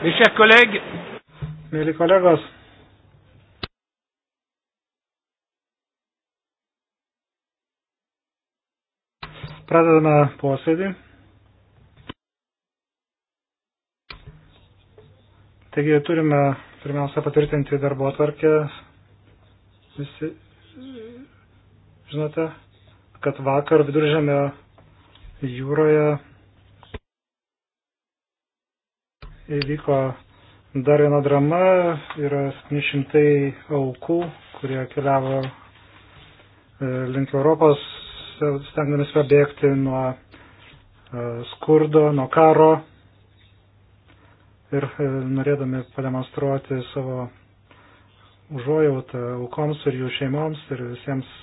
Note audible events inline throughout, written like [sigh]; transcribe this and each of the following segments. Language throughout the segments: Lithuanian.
Mes chers collègues, Mėly kolegos, pradedame posėdį. Taigi turime pirmiausia patvirtinti darbo atvarkę. Visi žinote, kad vakar viduržėmio jūroje įvyko dar viena drama, yra 700 aukų, kurie keliavo e, link Europos, stengdamis pabėgti nuo e, skurdo, nuo karo ir e, norėdami pademonstruoti savo užuojautą aukoms ir jų šeimoms ir visiems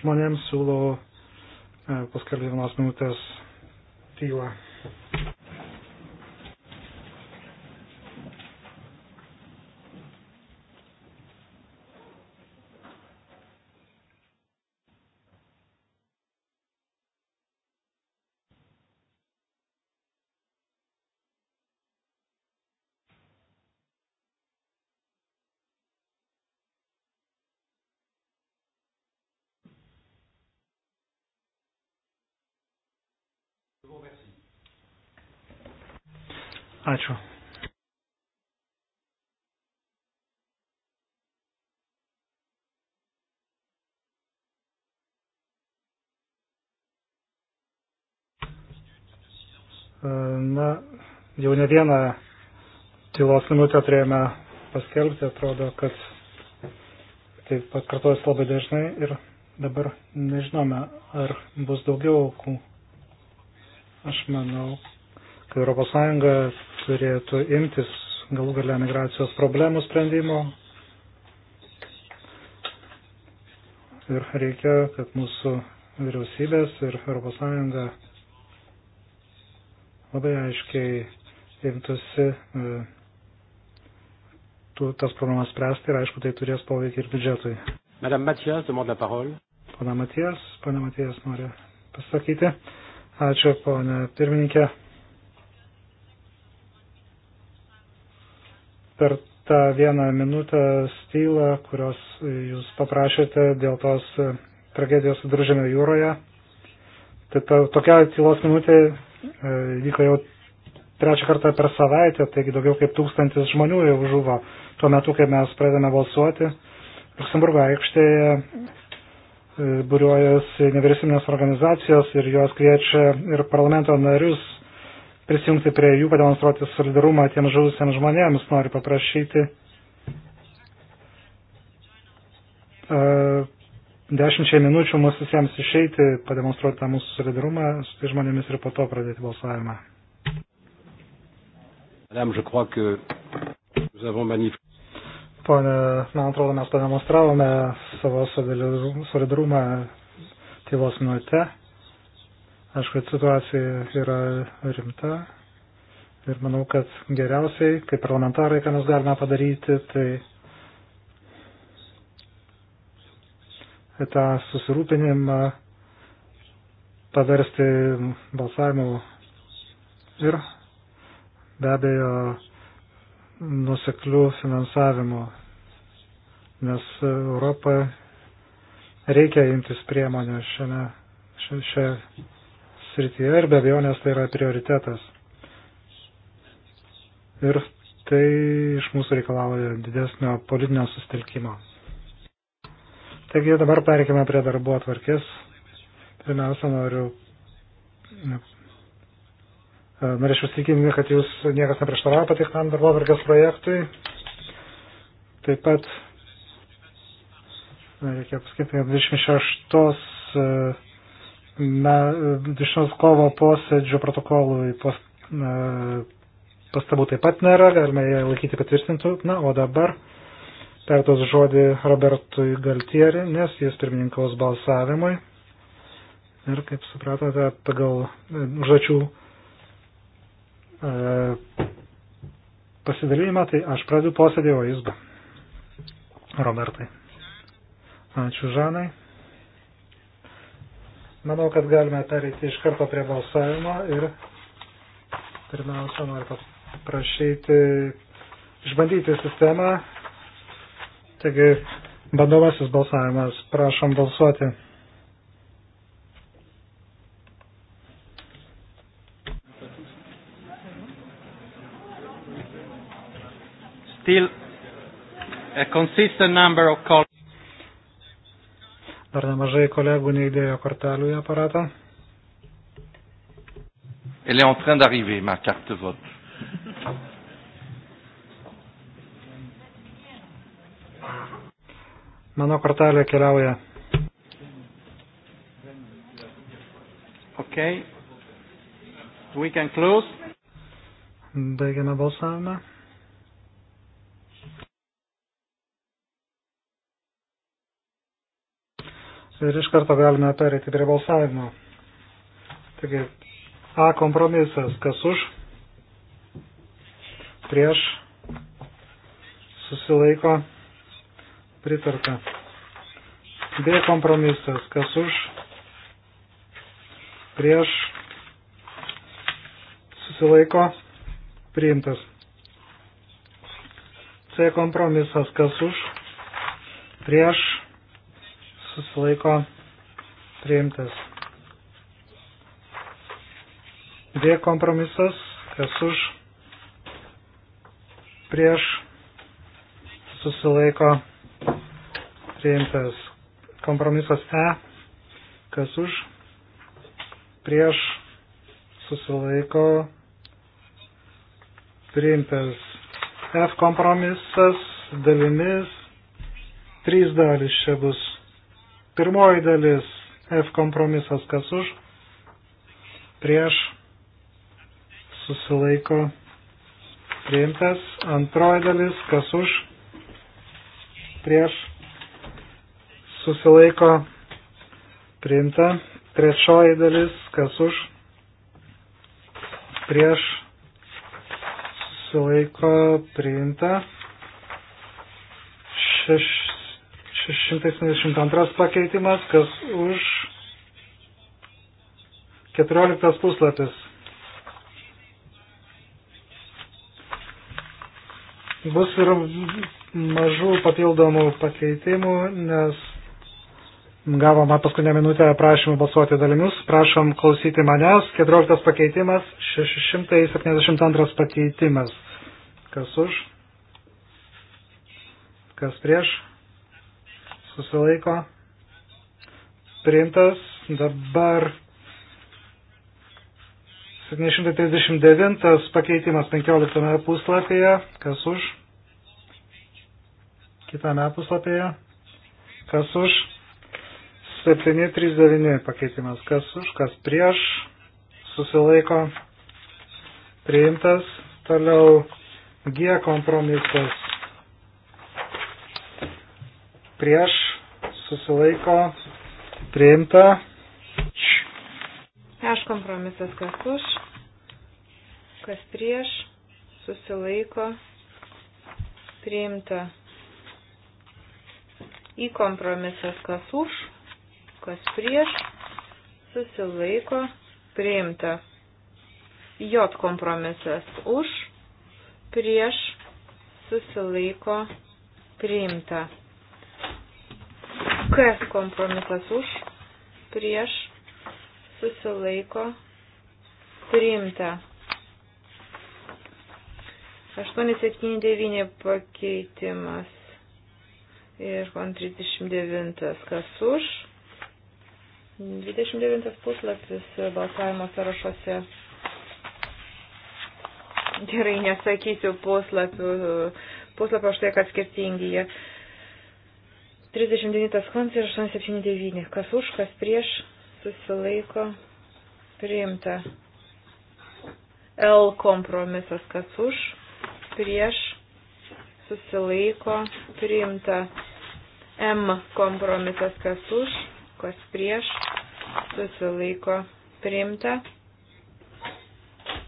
žmonėms siūlau paskelbti vienos minutės tylą. Ačiū. E, na, jau ne vieną tylos minutę turėjome paskelbti, atrodo, kad tai pakartojas labai dažnai ir dabar nežinome, ar bus daugiau aukų. Aš manau, kad ES turėtų imtis galų galę migracijos problemų sprendimo. Ir reikia, kad mūsų vyriausybės ir ES labai aiškiai imtųsi e, tas problemas spręsti ir aišku, tai turės poveikį ir biudžetui. Madame Matijas, demande la parole. Pana Matijas, pana Matijas nori pasakyti. Ačiū, pana pirmininkė. per tą vieną minutę stylą, kurios jūs paprašėte dėl tos tragedijos viduržėmio jūroje. Tai ta, tokia tylos minutė e, vyko jau trečią kartą per savaitę, taigi daugiau kaip tūkstantis žmonių jau žuvo tuo metu, kai mes pradedame balsuoti. Luksemburgo aikštėje e, būriuojasi nevyriausybinės organizacijos ir jos kviečia ir parlamento narius prisijungti prie jų, pademonstruoti solidarumą tiems žuvusiems žmonėms. Noriu paprašyti uh, dešimčiai minučių mus visiems išeiti, pademonstruoti tą mūsų solidarumą su tai žmonėmis ir po to pradėti balsavimą. Pone, man atrodo, mes pademonstravome savo solidarumą tylos minute. Aš, kad situacija yra rimta ir manau, kad geriausiai, kaip parlamentarai, ką mes galime padaryti, tai tą susirūpinimą paversti balsavimu ir be abejo nuseklių finansavimu, nes Europą reikia imtis priemonių šiame, šioje srityje ir be abejonės tai yra prioritetas. Ir tai iš mūsų reikalauja didesnio politinio sustelkimo. Taigi dabar perkime prie darbo atvarkės. Pirmiausia, noriu. Norėčiau sakyti, kad jūs niekas neprieštaravo patiktam darbo atvarkės projektui. Taip pat reikia pasakyti, kad 26 na, šios kovo posėdžio protokolui post, na, pastabų taip pat nėra, galime ją laikyti patvirtintų. Na, o dabar perduos žodį Robertui Galtieri, nes jis pirmininkaus balsavimui. Ir kaip supratote, pagal e, užduočių e, pasidalymą, tai aš pradedu posėdį, o jis ba. Robertai. Ačiū Žanai. Manau, kad galime pereiti iš karto prie balsavimo ir pirmiausia noriu paprašyti išbandyti sistemą. Taigi, bandomasis balsavimas, prašom balsuoti. Still a consistent number of calls. Dar nemažai kolegų neįdėjo kortelių į aparatą. Elle est en train d'arriver, ma carte vote. Mano kortelė keliauja. Okay. We can close. Baigiame balsavimą. Ir iš karto galime perėti prie balsavimo. Taigi, A kompromisas, kas už, prieš, susilaiko, pritarta. B kompromisas, kas už, prieš, susilaiko, priimtas. C kompromisas, kas už, prieš, susilaiko priimtas. D kompromisas, kas už, prieš, susilaiko priimtas. Kompromisas E, kas už, prieš, susilaiko priimtas. F kompromisas dalimis, trys dalis čia bus Pirmoji dalis F kompromisas kas už, prieš susilaiko priimtas. Antroji dalis kas už, prieš susilaiko priimta. Trečioji dalis kas už, prieš susilaiko priimta. Šeš, 672 pakeitimas, kas už 14 puslapis. Bus ir mažų papildomų pakeitimų, nes gavome paskutinę minutę prašymų balsuoti dalimis. Prašom klausyti manęs. 14 pakeitimas, 672 pakeitimas. Kas už? Kas prieš? susilaiko, priimtas, dabar 739 pakeitimas 15 puslapyje, kas už, kitame puslapyje, kas už, 739 pakeitimas, kas už, kas prieš, susilaiko, priimtas, toliau G kompromisas prieš susilaiko, priimta. Aš kompromisas, kas už, kas prieš, susilaiko, priimta. Į kompromisas, kas už, kas prieš, susilaiko, priimta. J kompromisas už, prieš, susilaiko, priimta. K kompromisas už, prieš, susilaiko, priimta. 879 pakeitimas ir 39 kas už. 29 puslapis balsavimo sąrašuose. Gerai, nesakysiu puslapių. Puslapio štai, kad skirtingi jie. 39 kons ir 879. Kas už, kas prieš susilaiko priimta. L kompromisas, kas už, prieš susilaiko priimta. M kompromisas, kas už, kas prieš susilaiko priimta.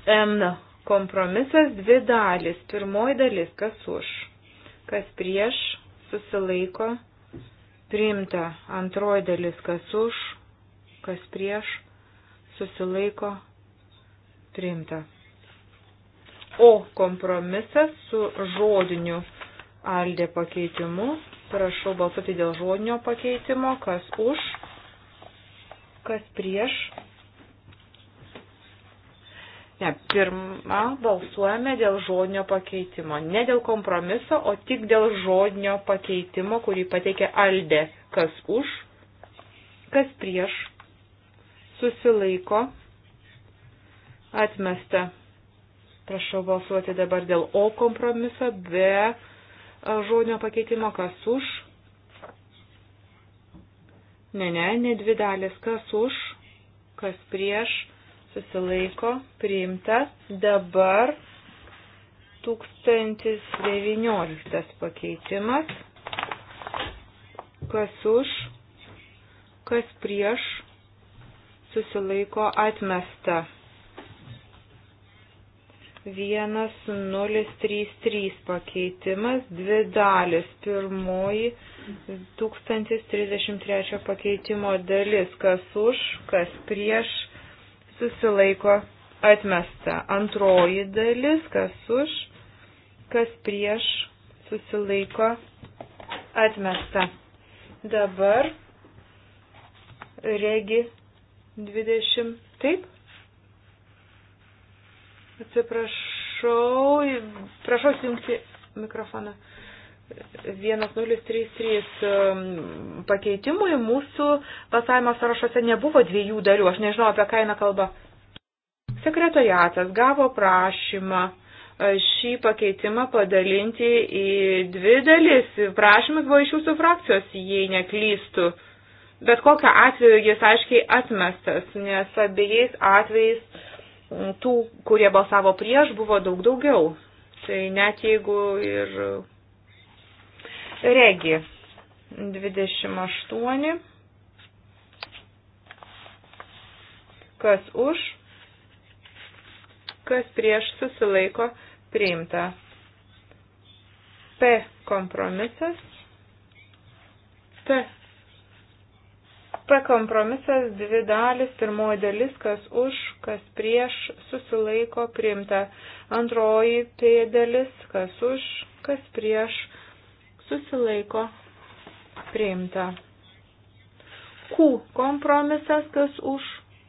M kompromisas dvi dalis. Pirmoji dalis, kas už, kas prieš susilaiko priimta Priimta antroji dalis, kas už, kas prieš, susilaiko, priimta. O kompromisas su žodiniu aldė pakeitimu. Prašau balsuoti dėl žodinio pakeitimo, kas už, kas prieš, Ne, pirmą balsuojame dėl žodinio pakeitimo. Ne dėl kompromiso, o tik dėl žodinio pakeitimo, kurį pateikė Aldė. Kas už, kas prieš, susilaiko, atmesta. Prašau balsuoti dabar dėl O kompromiso, be žodinio pakeitimo, kas už. Ne, ne, ne dvi dalis, kas už, kas prieš susilaiko priimta. Dabar 1019 pakeitimas. Kas už, kas prieš, susilaiko atmesta. 1033 pakeitimas, dvi dalis. Pirmoji 1033 pakeitimo dalis, kas už, kas prieš, susilaiko atmesta. Antroji dalis, kas už, kas prieš, susilaiko atmesta. Dabar regi 20. Taip? Atsiprašau, prašau įjungti mikrofoną. 1033 um, pakeitimui mūsų balsavimo sąrašuose nebuvo dviejų dalių. Aš nežinau, apie ką eina kalba. Sekretoriatas gavo prašymą uh, šį pakeitimą padalinti į dvi dalis. Prašymas buvo iš jūsų frakcijos, jei neklystų. Bet kokią atveju jis aiškiai atmestas, nes abiejais atvejais mm, tų, kurie balsavo prieš, buvo daug daugiau. Tai net jeigu ir Regi 28. Kas už, kas prieš susilaiko priimta. P kompromisas. P. P kompromisas dvi dalis, pirmoji dalis, kas už, kas prieš, susilaiko priimta. Antroji P dalis, kas už, kas prieš, susilaiko priimta susilaiko priimta. Q kompromisas, kas už,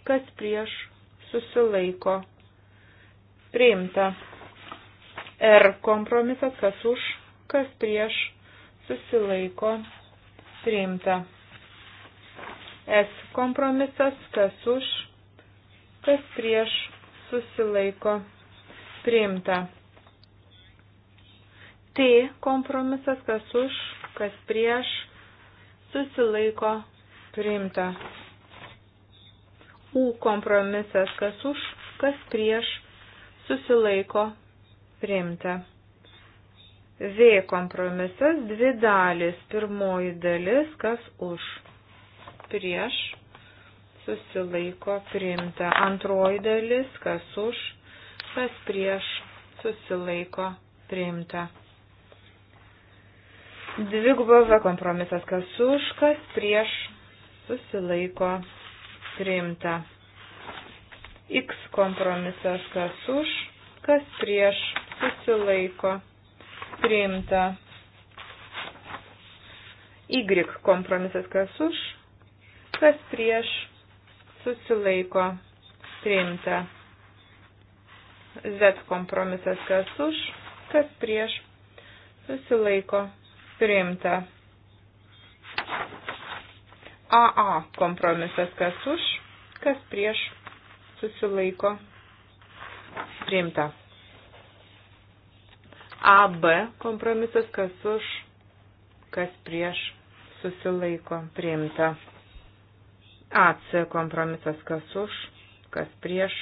kas prieš, susilaiko priimta. R kompromisas, kas už, kas prieš, susilaiko priimta. S kompromisas, kas už, kas prieš, susilaiko priimta. T kompromisas, kas už, kas prieš, susilaiko priimta. U kompromisas, kas už, kas prieš, susilaiko priimta. V kompromisas, dvi dalis, pirmoji dalis, kas už, prieš, susilaiko priimta. Antroji dalis, kas už, kas prieš, susilaiko priimta. Dvigubą V kompromisas, kas už, kas prieš, susilaiko priimta. X kompromisas, kas už, kas prieš, susilaiko priimta. Y kompromisas, kas už, kas prieš, susilaiko priimta. Z kompromisas, kas už, kas prieš, susilaiko priimta priimta. AA kompromisas kas už, kas prieš susilaiko priimta. AB kompromisas kas už, kas prieš susilaiko priimta. AC kompromisas kas už, kas prieš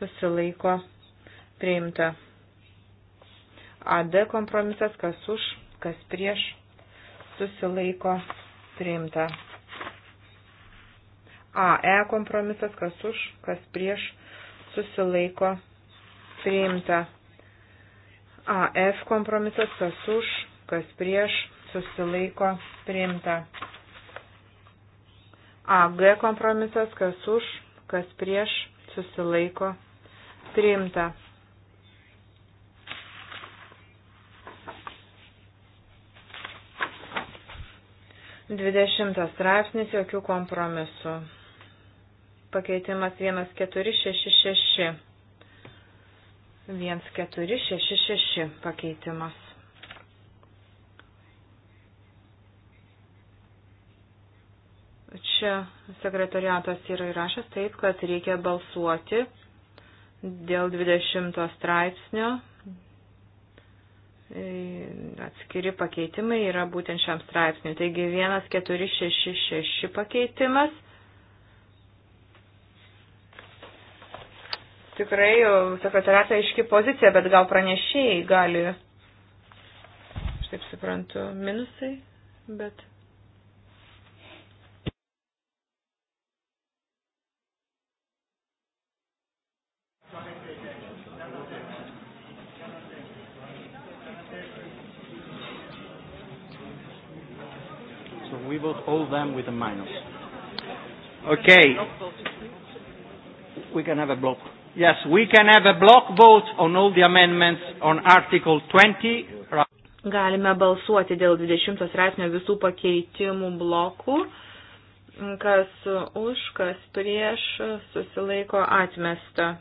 susilaiko priimta. AD kompromisas kas už, kas prieš, susilaiko priimta. AE kompromisas, kas už, kas prieš, susilaiko priimta. AF kompromisas, kas už, kas prieš, susilaiko priimta. AG kompromisas, kas už, kas prieš, susilaiko priimta. 20 straipsnis, jokių kompromisų. Pakeitimas 1466. 1466 pakeitimas. Čia sekretariatas yra įrašęs taip, kad reikia balsuoti dėl 20 straipsnio E, atskiri pakeitimai yra būtent šiam straipsniui. Taigi 1466 pakeitimas. Tikrai sekretariatą aiški pozicija, bet gal pranešėjai gali, aš taip suprantu, minusai, bet vote all them with a minus. Okay. We can have a block. Yes, we can have a block vote on all the amendments on Article 20. Galime balsuoti dėl 20 straipsnio visų pakeitimų blokų, kas už, kas prieš, susilaiko atmesta.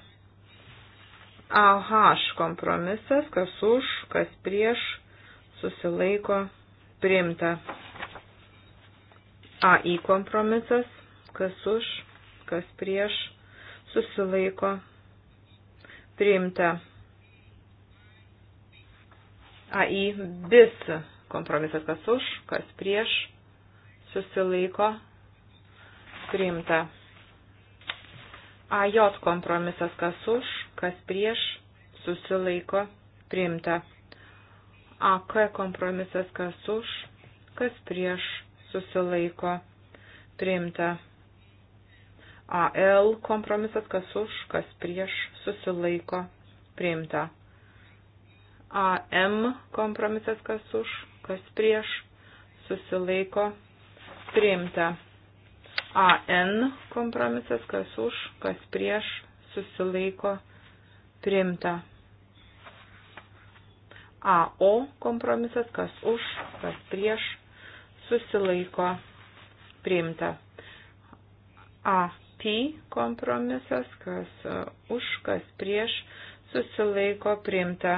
AH kompromisas, kas už, kas prieš, susilaiko priimta. AI kompromisas, kas už, kas prieš, susilaiko, priimta. AI bis kompromisas, kas už, kas prieš, susilaiko, priimta. AJ kompromisas, kas už, kas prieš, susilaiko, priimta. AK kompromisas, kas už, kas prieš, susilaiko priimta. AL kompromisas, kas už, kas prieš, susilaiko priimta. AM kompromisas, kas už, kas prieš, susilaiko priimta. AN kompromisas, kas už, kas prieš, susilaiko priimta. AO kompromisas, kas už, kas prieš, susilaiko priimta. AP kompromisas, kas e, už, kas prieš, susilaiko priimta.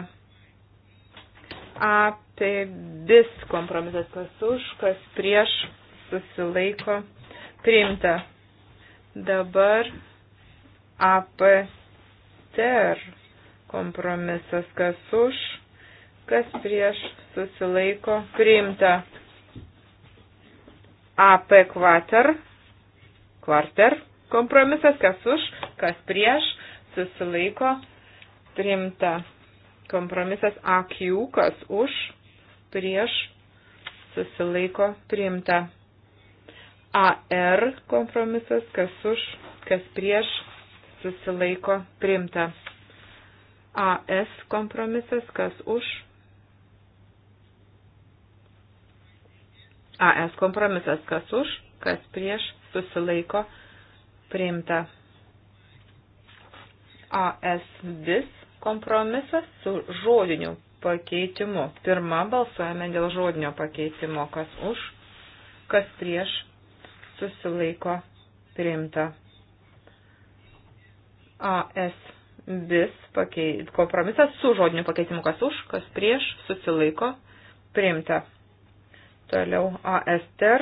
AP bis kompromisas, kas už, kas prieš, susilaiko priimta. Dabar APTR kompromisas, kas už, kas prieš, susilaiko priimta. AP kvater, kvarter kompromisas, kas už, kas prieš, susilaiko, priimta. Kompromisas AQ, kas už, prieš, susilaiko, priimta. AR kompromisas, kas už, kas prieš, susilaiko, priimta. AS kompromisas, kas už, AS kompromisas, kas už, kas prieš, susilaiko, priimta. AS vis kompromisas su žodiniu pakeitimu. Pirma balsuojame dėl žodinio pakeitimo, kas už, kas prieš, susilaiko, priimta. AS vis pakeit, kompromisas su žodiniu pakeitimu, kas už, kas prieš, susilaiko, priimta. Toliau ASTR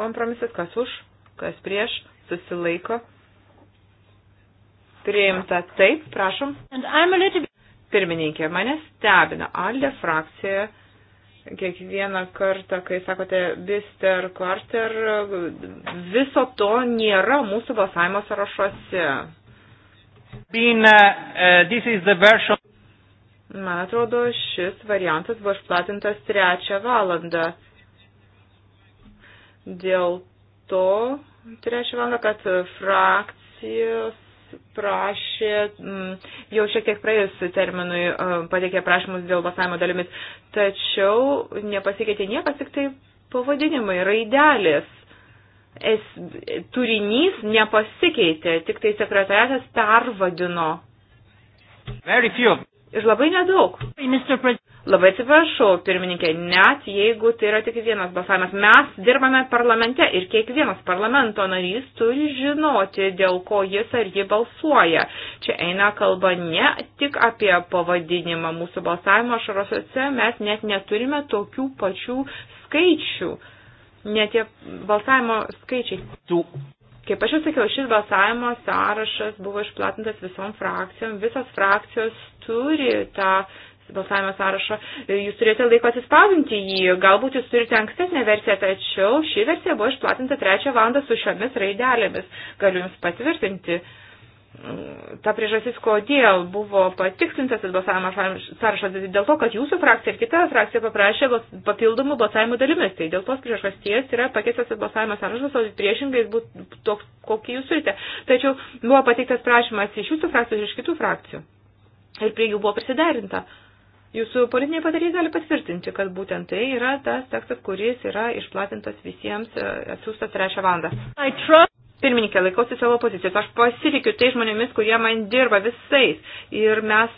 kompromisas, kas už, kas prieš, susilaiko. Priimta taip, prašom. Little... Pirmininkė, mane stebina Alde frakcija. Kiekvieną kartą, kai sakote bister, kvarter, viso to nėra mūsų balsavimo sąrašuose. Been, uh, uh, Man atrodo, šis variantas buvo išplatintas trečią valandą. Dėl to, trečią valandą, kad frakcijos prašė, mm, jau šiek tiek praėjus terminui e, pateikė prašymus dėl balsavimo dalimis, tačiau nepasikeitė niekas, tik tai pavadinimai, raidelės. Es, turinys nepasikeitė, tik tai sekretariatas pervadino. Ir labai nedaug. Labai atsiprašau, pirmininkė, net jeigu tai yra tik vienas balsavimas, mes dirbame parlamente ir kiekvienas parlamento narys turi žinoti, dėl ko jis ar ji balsuoja. Čia eina kalba ne tik apie pavadinimą mūsų balsavimo šarosiuose, mes net neturime tokių pačių skaičių, net tie balsavimo skaičiai. Tu. Kaip aš jau sakiau, šis balsavimo sąrašas buvo išplatintas visom frakcijom, visos frakcijos turi tą balsavimo sąrašą, e, jūs turite laiko atsispausdinti jį. Galbūt jūs turite ankstesnę versiją, tačiau ši versija buvo išplatinta trečią valandą su šiomis raidelėmis. Galiu jums patvirtinti. Mm, ta priežasis, kodėl buvo patikslintas tas balsavimo sąrašas, dėl to, kad jūsų frakcija ir kita frakcija paprašė papildomų balsavimų dalimis. Tai dėl tos priežasties yra pakeistas tas balsavimo sąrašas, o priešingai jis būtų toks, kokį jūs turite. Tačiau buvo pateiktas prašymas iš jūsų frakcijos ir iš kitų frakcijų. Ir prie jų buvo prisiderinta. Uh, Jūsų politiniai patarėjai gali patvirtinti, kad būtent tai yra tas tekstas, kuris yra išplatintas visiems e, atsiųstas trečią valandą. Pirmininkė, laikausi savo pozicijos. Aš pasitikiu tai žmonėmis, kurie man dirba visais. Ir mes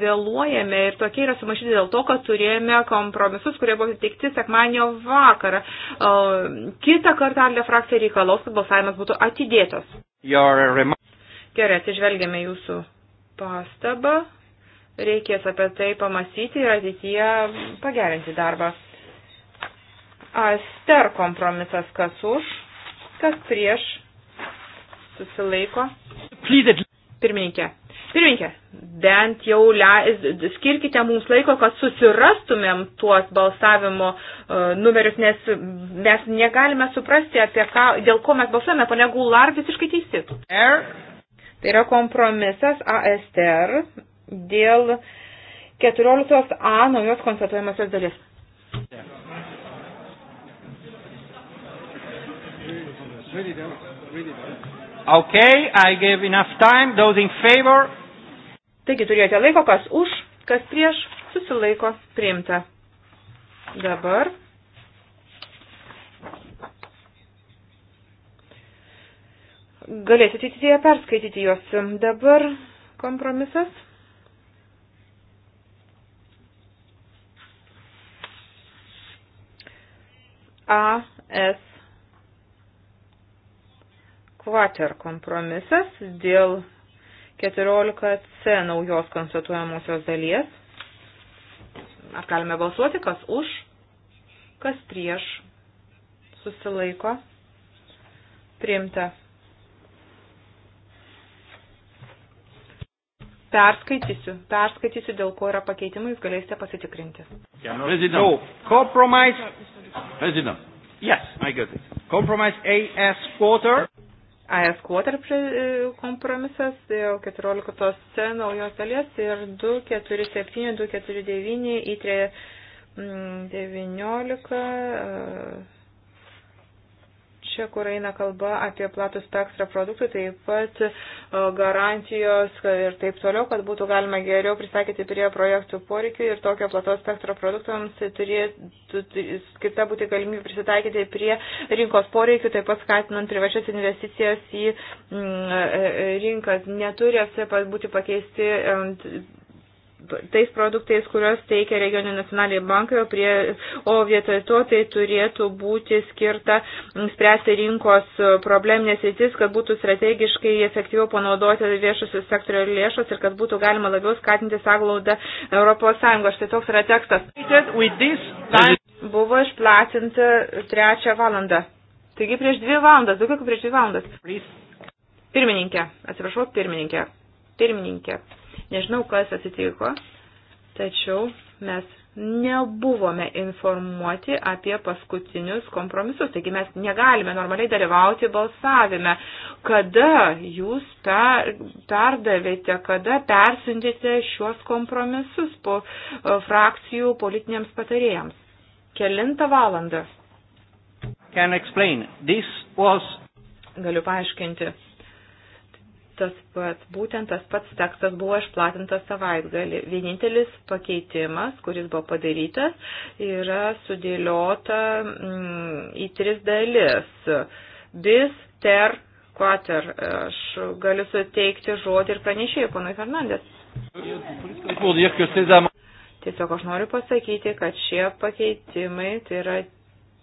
vėluojame ir tokie yra sumašyti dėl to, kad turėjome kompromisus, kurie buvo teikti sekmanio vakarą. Kita kartą Arlė frakcija reikalaus, kad balsavimas būtų atidėtas. Gerai, atsižvelgėme jūsų pastabą reikės apie tai pamastyti ir ateityje pagerinti darbą. Aster kompromisas kas už, kas prieš, susilaiko. Pirmininkė. Pirmininkė, bent jau le, skirkite mums laiko, kad susirastumėm tuos balsavimo uh, numerius, nes mes negalime suprasti, apie ką, dėl ko mes balsuojame, ponė Gular visiškai teisi. Tai yra kompromisas ASTR dėl 14a naujos konstatuojamosios dalies. Okay, I gave enough time. Those in favor. Taigi turėjote laiko, kas už, kas prieš, susilaiko, priimta. Dabar. Galėsite ateityje perskaityti juos. Dabar kompromisas. AS kvater kompromisas dėl 14C naujos konstatuojamosios dalies. Ar galime balsuoti, kas už, kas prieš, susilaiko, priimta. Perskaitysiu, perskaitysiu, dėl ko yra pakeitimai, jūs galėsite pasitikrinti. President. No, compromise. President. Yes, I got it. Compromise AS quarter. AS quarter e, kompromisas, 14 e, C naujos dalies ir 247, 249 į 3, 19. Čia, kur eina kalba apie platų spektrą produktų, taip pat garantijos ir taip toliau, kad būtų galima geriau pristaikyti prie projektų poreikių ir tokio platos spektro produktams turėtų tai skirta būti galimybė prisitaikyti prie rinkos poreikių, taip pat skatinant privačias investicijas į mm, e, e, rinkas. Neturi būti pakeisti tais produktais, kuriuos teikia regioninio nacionaliniai bankai, o, prie, o vietoj to tai turėtų būti skirta spręsti rinkos probleminės rytis, kad būtų strategiškai efektyviau panaudoti viešusius sektorio lėšos ir kad būtų galima labiau skatinti sąglaudą Europos Sąjungos. Štai toks yra tekstas. Buvo išplatinta trečią valandą. Taigi prieš dvi valandas, daugiau kaip prieš dvi valandas. Pirmininkė, atsiprašau, pirmininkė. Pirmininkė. Nežinau, kas atsitiko, tačiau mes nebuvome informuoti apie paskutinius kompromisus. Taigi mes negalime normaliai dalyvauti balsavime. Kada jūs per, perdavėte, kada persintėte šiuos kompromisus po e, frakcijų politiniams patarėjams? Kelintą valandą. Was... Galiu paaiškinti tas pats, būtent tas pats tekstas buvo išplatintas savaitgalį. Vienintelis pakeitimas, kuris buvo padarytas, yra sudėliota mm, į tris dalis. Bis, ter, quater. Aš galiu suteikti žodį ir pranešėjai, ponui Fernandės. Tiesiog aš noriu pasakyti, kad šie pakeitimai tai yra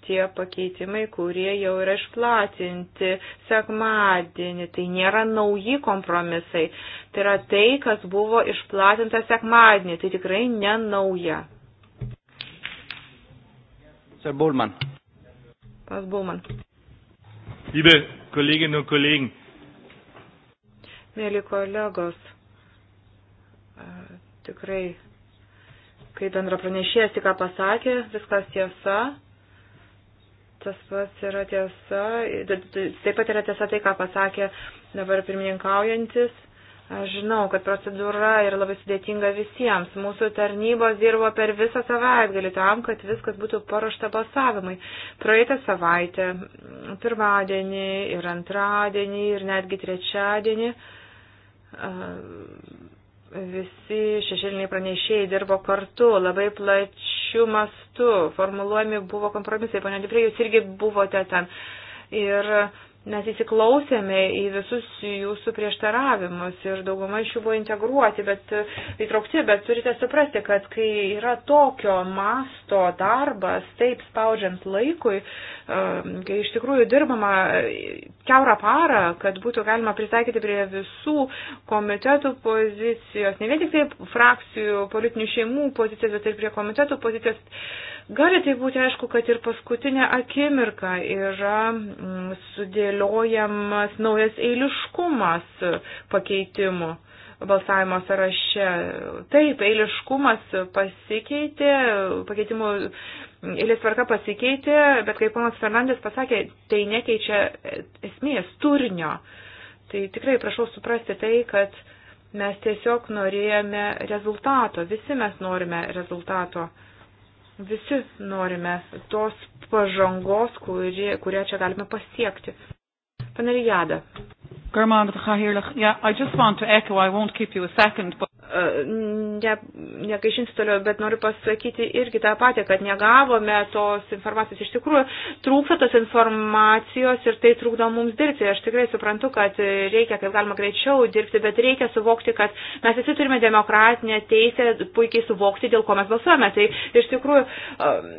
tie pakeitimai, kurie jau yra išplatinti sekmadienį. Tai nėra nauji kompromisai. Tai yra tai, kas buvo išplatinta sekmadienį. Tai tikrai ne nauja. Sir Bullman. Pas Bullman. Liebe Kolleginnen und Kollegen. Mėly kolegos, tikrai, kai bendra pranešėjas tik ką pasakė, viskas tiesa tas pats yra tiesa, taip pat yra tiesa tai, ką pasakė dabar pirmininkaujantis. Aš žinau, kad procedūra yra labai sudėtinga visiems. Mūsų tarnybos dirbo per visą savaitgalį tam, kad viskas būtų paruošta balsavimui. Praeitą savaitę, pirmadienį ir antradienį ir netgi trečiadienį visi šešėliniai pranešėjai dirbo kartu. Labai plač, šių mastų formuluojami buvo kompromisai. Pane Diprė, jūs irgi buvote ten. Ir Mes įsiklausėme į visus jūsų prieštaravimus ir dauguma iš jų buvo integruoti, bet e, įtraukti, bet turite suprasti, kad kai yra tokio masto darbas, taip spaudžiant laikui, e, kai iš tikrųjų dirbama e, keurą parą, kad būtų galima pritaikyti prie visų komitetų pozicijos, ne vien tik tai frakcijų, politinių šeimų pozicijos, bet ir prie komitetų pozicijos, Gali tai būti aišku, kad ir paskutinė akimirka yra mm, sudėliojamas naujas eiliškumas pakeitimų balsavimo sąraše. Taip, eiliškumas pasikeitė, pakeitimų eilės tvarka pasikeitė, bet kaip ponas Fernandės pasakė, tai nekeičia esmės turinio. Tai tikrai prašau suprasti tai, kad mes tiesiog norėjome rezultato, visi mes norime rezultato. Visi norime tos pažangos, kuri, kurią čia galime pasiekti. Panerijada. Gurmand, Khahirlach, yeah, I just want to echo, I won't keep you a second, but... E, ne, negaišinsiu toliau, bet noriu pasakyti irgi tą patį, kad negavome tos informacijos. Iš tikrųjų, trūksta tos informacijos ir tai trukdo mums dirbti. Aš tikrai suprantu, kad reikia, kaip galima greičiau dirbti, bet reikia suvokti, kad mes visi turime demokratinę teisę puikiai suvokti, dėl ko mes balsuojame. Tai iš tikrųjų e,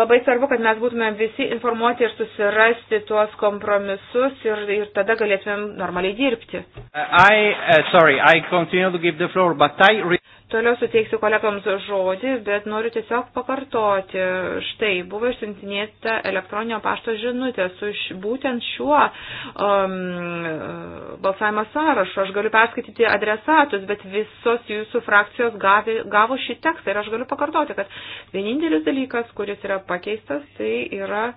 labai svarbu, kad mes būtume visi informuoti ir susirasti tuos kompromisus ir, ir tada galėtumėm normaliai dirbti. Uh, I, uh, sorry, I continue to give the floor, but tai... Toliau suteiksiu kolegams žodį, bet noriu tiesiog pakartoti. Štai, buvo išsintinėta elektroninio pašto žinutė su š, būtent šiuo um, balsavimo sąrašu. Aš galiu perskaityti adresatus, bet visos jūsų frakcijos gavi, gavo šį tekstą ir aš galiu pakartoti, kad vienintelis dalykas, kuris yra pakeistas, tai yra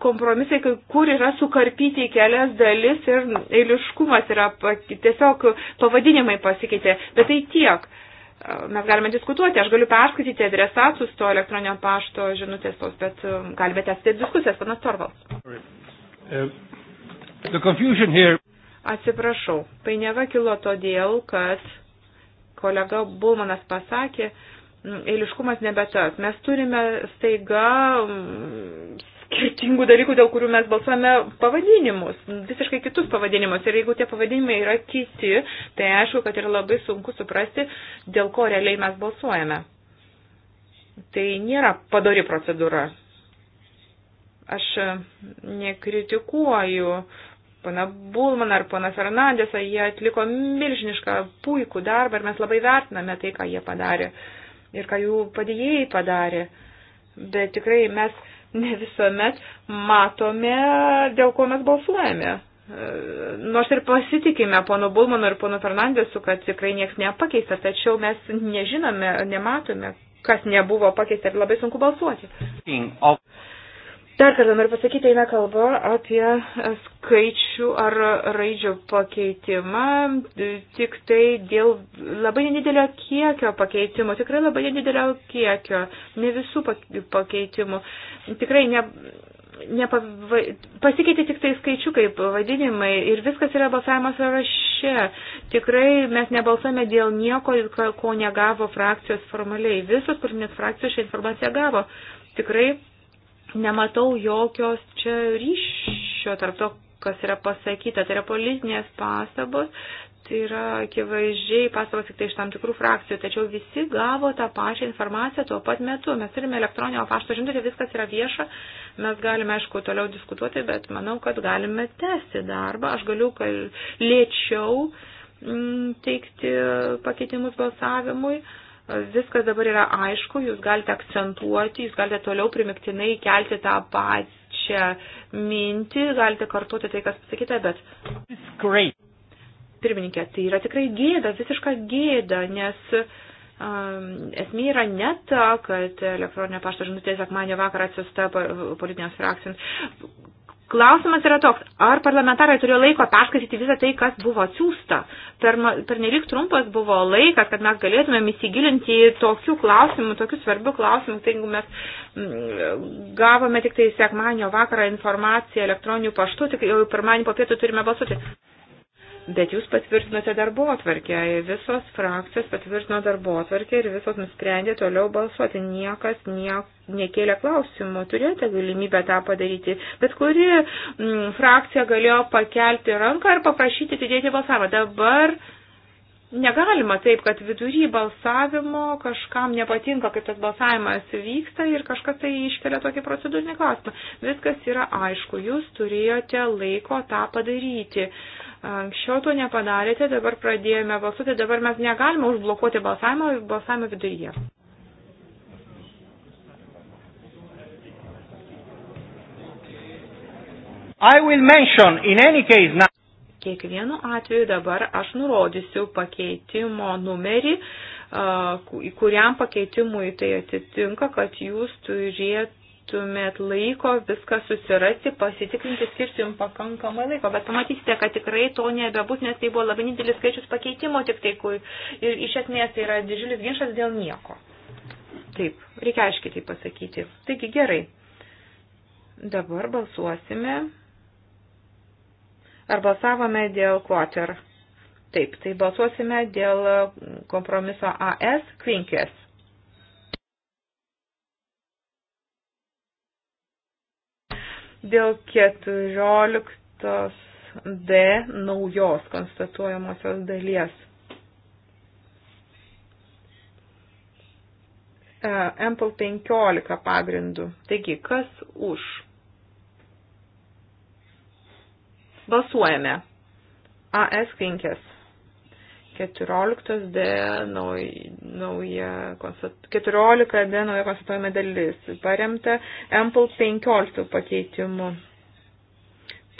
kompromisai, kur yra sukarpyti į kelias dalis ir eiliškumas yra tiesiog pavadinimai pasikeitė. Bet tai tiek. Mes galime diskutuoti, aš galiu perskaityti adresatus to elektroninio pašto žinutės tos, bet um, galime tęsti diskusijas, panas Torvalds. Uh, Atsiprašau, painiava kilo todėl, kad kolega Bulmanas pasakė, mm, eiliškumas nebe tas. Mes turime staiga mm, skirtingų dalykų, dėl kurių mes balsuojame pavadinimus, visiškai kitus pavadinimus. Ir jeigu tie pavadinimai yra kiti, tai aišku, kad yra labai sunku suprasti, dėl ko realiai mes balsuojame. Tai nėra padori procedūra. Aš e, nekritikuoju pana Bulman ar pana Fernandesą, jie atliko milžinišką puikų darbą ir mes labai vertiname tai, ką jie padarė ir ką jų padėjėjai padarė. Bet tikrai mes ne visuomet matome, dėl ko mes balsuojame. E, nors ir pasitikime pono Bulmano ir pono Fernandesu, kad tikrai nieks nepakeista, tačiau mes nežinome, nematome, kas nebuvo pakeista ir labai sunku balsuoti. Dar kartą noriu pasakyti, eina kalba apie skaičių ar raidžių pakeitimą, tik tai dėl labai nedidelio kiekio pakeitimo, tikrai labai nedidelio kiekio, ne visų pakeitimų. Tikrai ne, nepava, pasikeitė tik tai skaičiukai, pavadinimai ir viskas yra balsavimo sąraše. Tikrai mes nebalsame dėl nieko, ko negavo frakcijos formaliai. Visos politinės frakcijos šią informaciją gavo. Tikrai nematau jokios čia ryšio tarp to, kas yra pasakyta. Tai yra politinės pastabos, tai yra akivaizdžiai pastabos tik tai iš tam tikrų frakcijų, tačiau visi gavo tą pačią informaciją tuo pat metu. Mes turime elektroninio pašto žinutę, viskas yra vieša, mes galime, aišku, toliau diskutuoti, bet manau, kad galime tęsti darbą. Aš galiu kal... lėčiau mm, teikti pakeitimus balsavimui. Viskas dabar yra aišku, jūs galite akcentuoti, jūs galite toliau primiktinai kelti tą pačią mintį, galite kartuoti tai, kas pasakyta, bet. Pirmininkė, tai yra tikrai gėda, visiška gėda, nes uh, esmė yra ne ta, kad elektroninė pašto žinutė sekmanio vakarą atsiusta politinėms frakcijoms. Klausimas yra toks, ar parlamentarai turėjo laiko perskaityti visą tai, kas buvo atsiųsta. Per, per nelik trumpas buvo laikas, kad mes galėtumėm įsigilinti į tokių klausimų, tokių svarbių klausimų. Tai jeigu mes mm, gavome tik tai sekmanio vakarą informaciją elektroniniu paštu, tik jau pirmanį po pietų turime balsuoti. Bet jūs patvirtinote darbo atvarkę, visos frakcijos patvirtino darbo atvarkę ir visos nusprendė toliau balsuoti. Niekas niek, nekėlė klausimų, turėjote galimybę tą padaryti. Bet kuri m, mm, frakcija galėjo pakelti ranką ir paprašyti atidėti balsavimą. Dabar negalima taip, kad vidury balsavimo kažkam nepatinka, kaip tas balsavimas vyksta ir kažkas tai iškelia tokį procedūrinį klausimą. Viskas yra aišku, jūs turėjote laiko tą padaryti. Uh, Anksčiau to nepadarėte, dabar pradėjome balsuoti, dabar mes negalime užblokuoti balsavimo, balsavimo viduryje. I will mention in any case now. Kiekvienu atveju dabar aš nurodysiu pakeitimo numerį, uh, kuriam pakeitimui tai atitinka, kad jūs turėtumėte turėtumėt laiko viską susirasti, pasitikrinti, skirti jums pakankamai laiko, bet pamatysite, kad tikrai to nebebūs, nes tai buvo labai didelis skaičius pakeitimo tik tai, kur ir iš esmės tai yra didžiulis ginčas dėl nieko. Taip, reikia aiškiai tai pasakyti. Taigi gerai. Dabar balsuosime. Ar balsavome dėl Quater? Taip, tai balsuosime dėl kompromiso AS Kvinkės. Dėl 14D naujos konstatuojamosios dalies. E, Ample 15 pagrindų. Taigi, kas už? Balsuojame. AS 5. 14D nauja, 14D nauja konstatuojama dalis, paremta Ample 15 pakeitimu.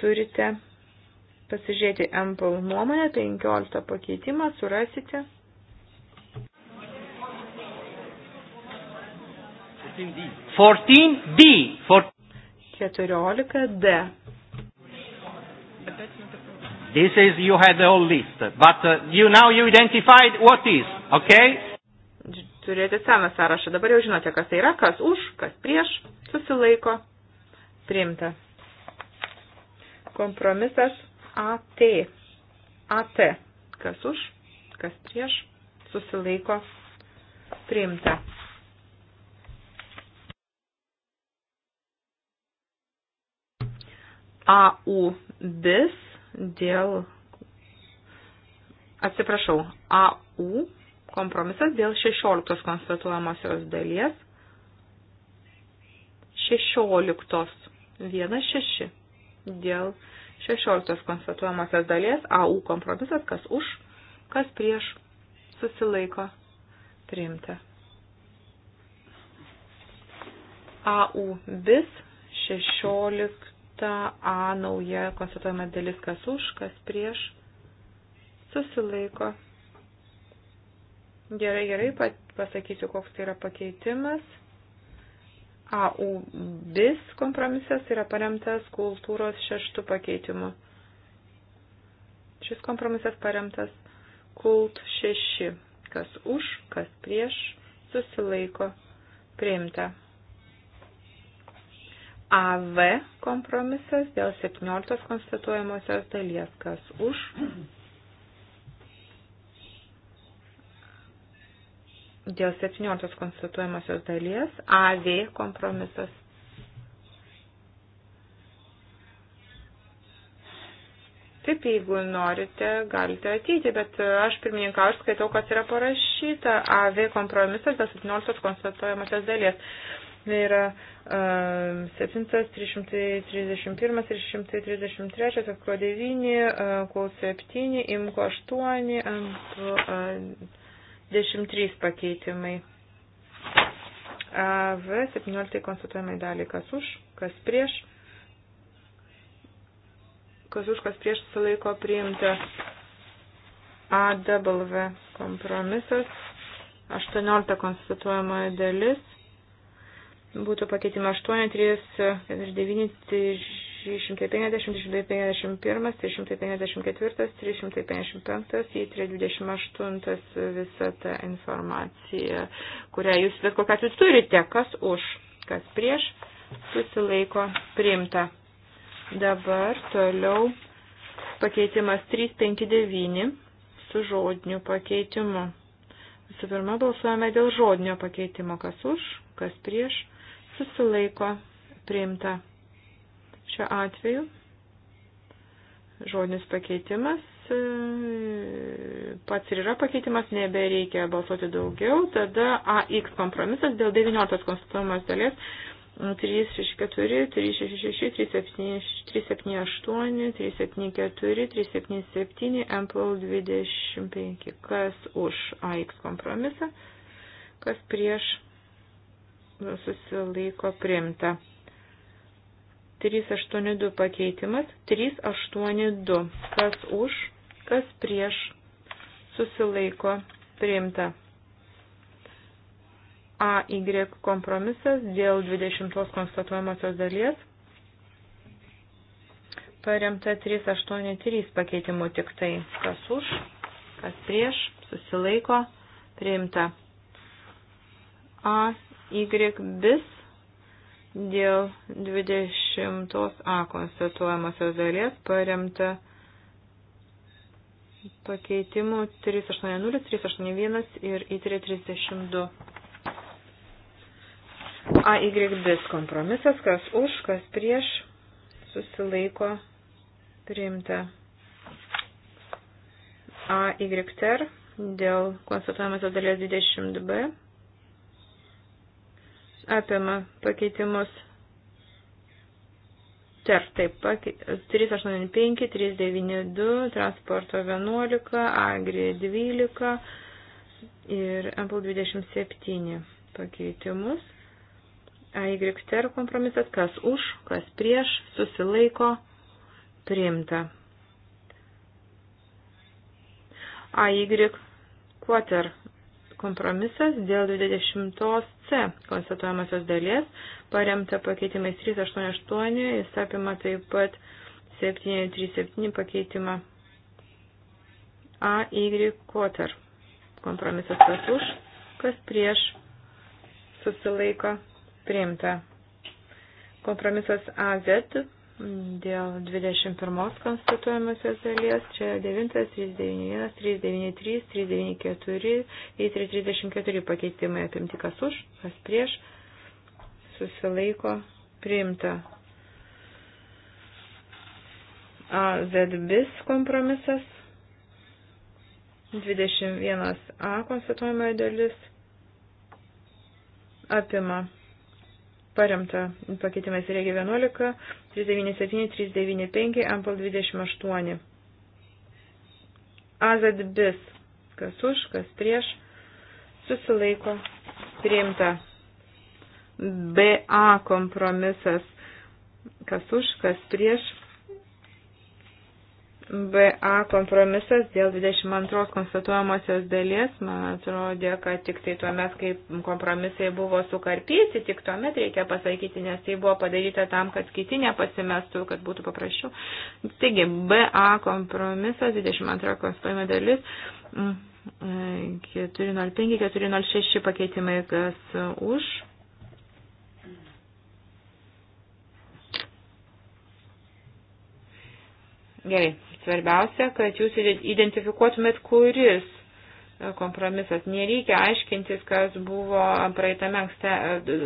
Turite pasižiūrėti Ample nuomonę, 15 pakeitimą surasite. D. 14D. 14D. This is, you had the whole list, but uh, you now you identified what is, okay? Turėjote seną sąrašą, dabar jau žinote, kas tai yra, kas už, kas prieš, susilaiko, priimta. Kompromisas AT. AT. Kas už, kas prieš, susilaiko, priimta. AU bis dėl, atsiprašau, AU kompromisas dėl 16 konstatuojamosios dalies. 16. 1.6. Dėl 16 konstatuojamosios dalies AU kompromisas, kas už, kas prieš, susilaiko priimta. AU bis 16 A nauja konstatuojama dalis, kas už, kas prieš, susilaiko. Gerai, gerai, pasakysiu, koks tai yra pakeitimas. AU bis kompromisas yra paremtas kultūros šeštų pakeitimu. Šis kompromisas paremtas kult šeši, kas už, kas prieš, susilaiko, priimta. AV kompromisas dėl 17 konstatuojamosios dalies. Kas už? Dėl 17 konstatuojamosios dalies AV kompromisas. Taip, jeigu norite, galite ateiti, bet aš pirmininkau ir skaitau, kas yra parašyta AV kompromisas dėl 17 konstatuojamosios dalies. Tai yra um, 7, 331, 333, apkro 9, kol 7, imko 8, ant 13 pakeitimai. V17 konstatuojamai dalį, kas už, kas prieš, kas už, kas prieš sulaiko priimta AWV kompromisas, 18 konstatuojamoji dalis, būtų pakeitimo 8, 3, 49, 350, 351, 354, 355, į 328 visą tą informaciją, kurią jūs bet kokią atveju turite, kas už, kas prieš, susilaiko priimta. Dabar toliau pakeitimas 359 su žodiniu pakeitimu. Visų pirma, balsuojame dėl žodinio pakeitimo, kas už, kas prieš, susilaiko priimta. Šiuo atveju žodinis pakeitimas, e, pats ir yra pakeitimas, nebereikia balsuoti daugiau, tada AX kompromisas dėl 19 konstitucijos dalies 364, 366, 378, 374, 377, MPL 25. Kas už AX kompromisą, kas prieš susilaiko priimta. 382 pakeitimas, 382. Kas už, kas prieš, susilaiko priimta. AY kompromisas dėl 20 konstatuojamosios dalies paremta 383 pakeitimu tik tai, kas už, kas prieš, susilaiko, priimta. A Y bis dėl 20a konstatuojamosios dalies paremta pakeitimų 380, 381 ir I332. AY bis kompromisas, kas už, kas prieš, susilaiko priimta. AYTER dėl konstatuojamosios dalies 20b apima pakeitimus TER, taip, 385, 392, transporto 11, agri 12 ir MPL 27 pakeitimus. AYTER kompromisas, kas už, kas prieš, susilaiko, priimta. AY quarter Kompromisas dėl 20C konstatuojamosios dalies paremta pakeitimais 388, jis apima taip pat 737 pakeitimą AY Kotar. Kompromisas kas už, kas prieš susilaiko priimta. Kompromisas AZ dėl 21 konstatuojamosios dalies, čia 9, 391, 393, 394 ir 334 pakeitimai apimti kas už, kas prieš, susilaiko priimta. AZBIS kompromisas, 21A konstatuojamoji dalis apima paremta pakeitimais Regi 11, 397, 395, Ampel 28. Azad bis, kas už, kas prieš, susilaiko priimta. BA kompromisas, kas už, kas prieš, BA kompromisas dėl 22 konstatuojamosios dalies, man atrodė, kad tik tai tuo met, kai kompromisai buvo sukarpyti, tik tuo met reikia pasakyti, nes tai buvo padaryta tam, kad kiti nepasimestų, kad būtų paprasčiau. Taigi, BA kompromisas 22 konstatuojama dalis. 405, mm, 406 pakeitimai, kas už. Gerai, Svarbiausia, kad jūs identifikuotumėt, kuris e, kompromisas. Nereikia aiškintis, kas buvo praeitame ankste e,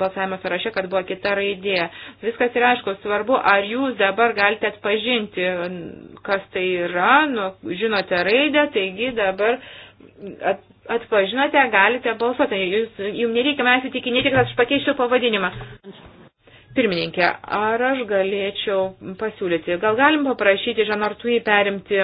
balsavimo sąraše, kad buvo kita raidė. Viskas yra aišku, svarbu, ar jūs dabar galite atpažinti, kas tai yra, nu, žinote raidę, taigi dabar atpažinote, galite balsuoti. Jūs, jums nereikia mes įtikinėti, kad aš pakeičiau pavadinimą. Pirmininkė, ar aš galėčiau pasiūlyti, gal galim paprašyti Žanartui perimti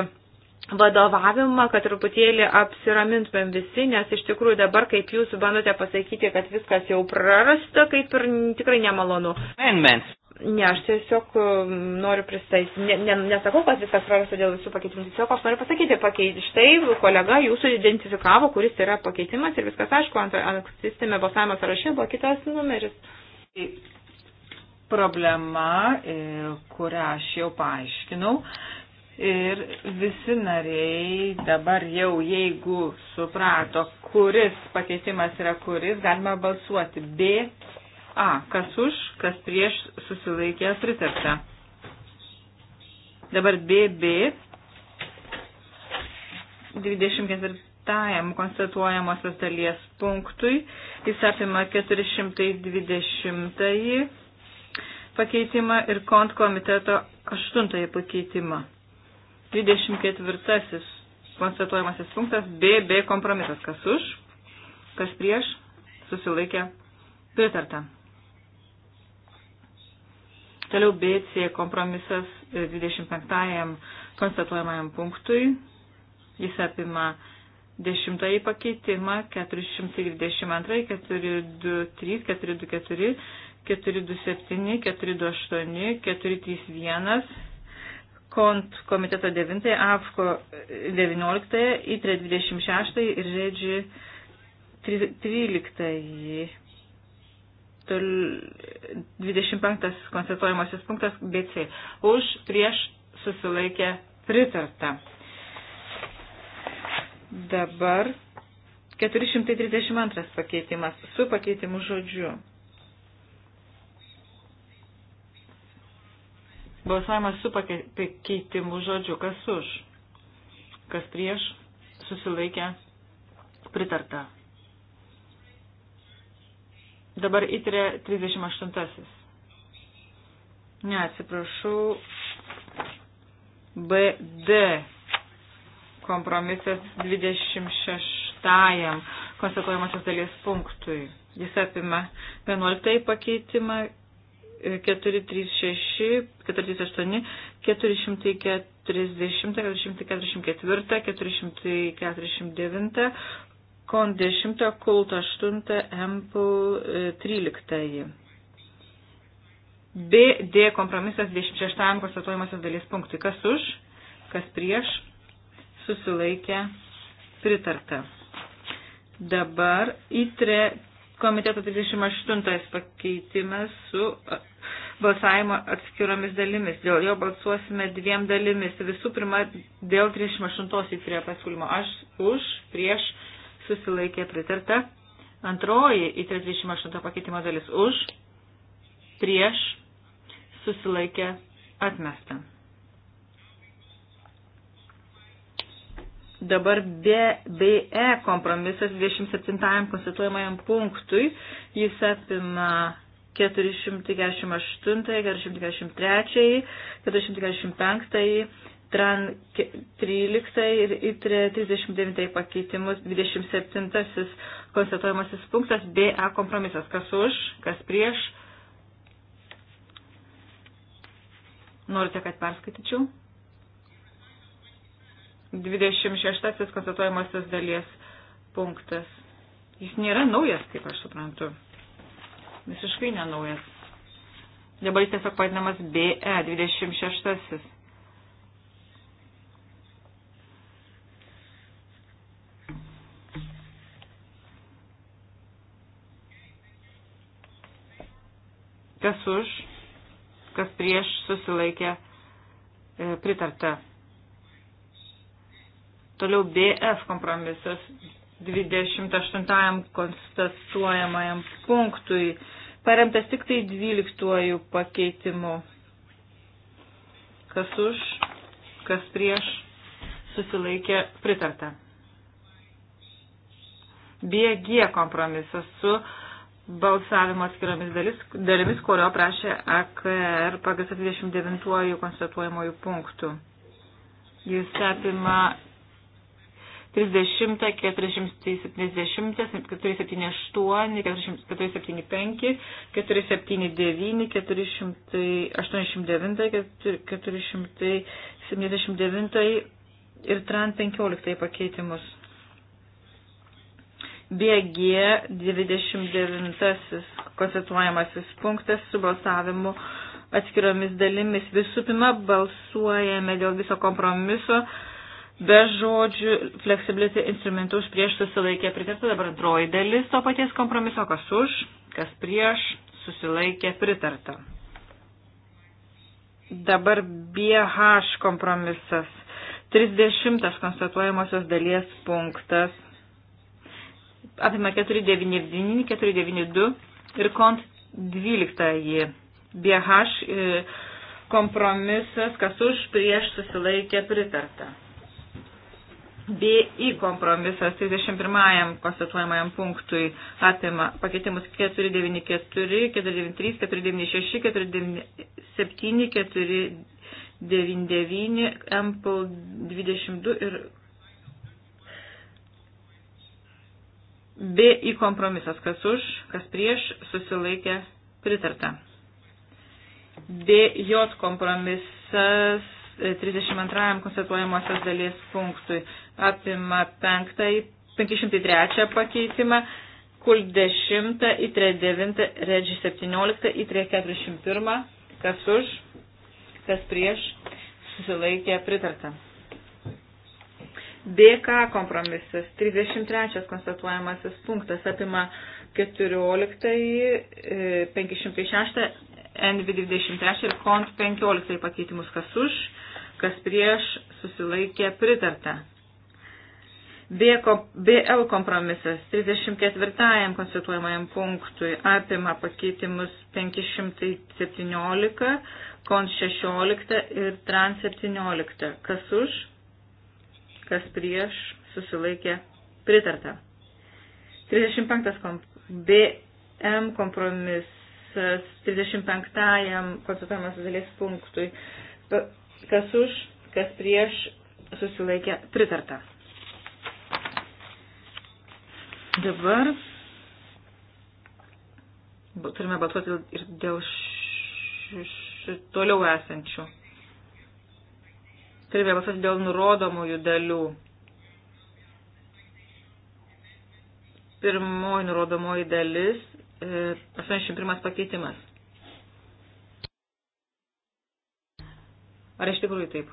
vadovavimą, kad truputėlį apsiramintumėm visi, nes iš tikrųjų dabar, kaip jūs bandote pasakyti, kad viskas jau prarasta, kaip ir tikrai nemalonu. Amendments. Ne, aš tiesiog um, noriu pristatyti, ne, ne, nesakau, kad viskas prarasta dėl visų pakeitimų, tiesiog aš noriu pasakyti, pakeit, štai kolega jūsų identifikavo, kuris yra pakeitimas ir viskas aišku, ant, ant sistemė balsavimo sąraše buvo kitas numeris problema, e, kurią aš jau paaiškinau. Ir visi nariai dabar jau, jeigu suprato, kuris pakeitimas yra kuris, galima balsuoti B, A, kas už, kas prieš susilaikė pritarta. Dabar B, B, 24 penktajam konstatuojamosios dalies punktui. Jis apima 420 pakeitimą ir kont komiteto aštuntąjį pakeitimą. 24. konstatuojamasis punktas BB kompromisas. Kas už, kas prieš, susilaikė, pritarta. Toliau BC kompromisas 25. konstatuojamajam punktui. Jis apima dešimtąjį pakeitimą 422, 423, 424, 427, 428, 431, kont komiteto 9, AFKO 19, ITRE 26 ir REDŽI 13. 25 konstatuojamosis punktas BC. Už prieš susilaikę pritarta. Dabar 432 pakeitimas su pakeitimu žodžiu. Balsavimas su pakeitimu žodžiu, kas už, kas prieš, susilaikė, pritarta. Dabar įtrė 38. Ne, atsiprašau, BD kompromisas 26 konstatuojamosios dalies punktui. Jis apima 11 pakeitimą, 436, 438, 440, 444, 449, kon 10, kult 8, empul 13. E, B, D kompromisas 26 konstatuojamasis dalies punktui. Kas už, kas prieš, susilaikė, pritarta. Dabar įtre komiteto 38 pakeitimas su balsavimo atskiromis dalimis. Dėl jo balsuosime dviem dalimis. Visų pirma, dėl 38 prie pasiūlymo. Aš už, prieš susilaikė pritarta. Antroji į 38 pakeitimo dalis už, prieš susilaikė atmestą. Dabar BE kompromisas 27 konstatuojamajam punktui jis apima 448, 443, 445, TRAN 13 ir ITRE 39 pakeitimus, 27 konstatuojamasis punktas BA kompromisas. Kas už, kas prieš? Norite, kad perskaityčiau? 26 konstatuojamosios dalies punktas. Jis nėra naujas, kaip aš suprantu. Visiškai nenaujas. Dabar jis tiesiog vadinamas BE 26. Kas už, kas prieš susilaikė e, pritarta. Toliau BF kompromisas 28 konstatuojamajam punktui paremtas tik tai 12 pakeitimu. Kas už, kas prieš, susilaikė pritarta. BG kompromisas su balsavimo atskiromis dalis, dalimis, kurio prašė AKR pagal 29 konstatuojamojų punktų. Jis apima 30, 40, 70, 478, 475, 479, 489, 479 ir TRAN 15 pakeitimus. BG 29 konstatuojamasis punktas su balsavimu atskiromis dalimis. Visų pirma, balsuojame dėl viso kompromiso be žodžių flexibility instrumentus prieš susilaikė pritarta. Dabar antroji dalis to paties kompromiso, kas už, kas prieš susilaikė pritarta. Dabar BH kompromisas. 30 konstatuojamosios dalies punktas apima 499, 492 ir kont 12. BH e, kompromisas, kas už prieš susilaikė pritarta. BI kompromisas 31 konstatuojamajam punktui apima pakeitimus 494, 493, 496, 497, 499, MPL 22 ir BI kompromisas, kas už, kas prieš, susilaikė pritarta. DJ kompromisas 32 konstatuojamosios dalies punktui apima 5, 503 pakeitimą, kul 10, itre 9, regi 17, itre 41, kas už, kas prieš, susilaikė pritarta. BK kompromisas, 33 konstatuojamasis punktas apima 14, 506, e, NV23 ir KONT 15 pakeitimus, kas už, kas prieš susilaikė pritarta. BL kompromisas 34 konstituojamajam punktui apima pakeitimus 517, KONT 16 ir TRAN 17. Kas už, kas prieš susilaikė pritarta. 35 BM kompromisas 35 konsultuojamas dalies punktui. Kas už, kas prieš susilaikė pritarta. Dabar turime balsuoti ir dėl toliau esančių. Turime balsuoti dėl nurodomųjų dalių. Pirmoji nurodomoji dalis 81 e, pakeitimas. Ar iš tikrųjų taip?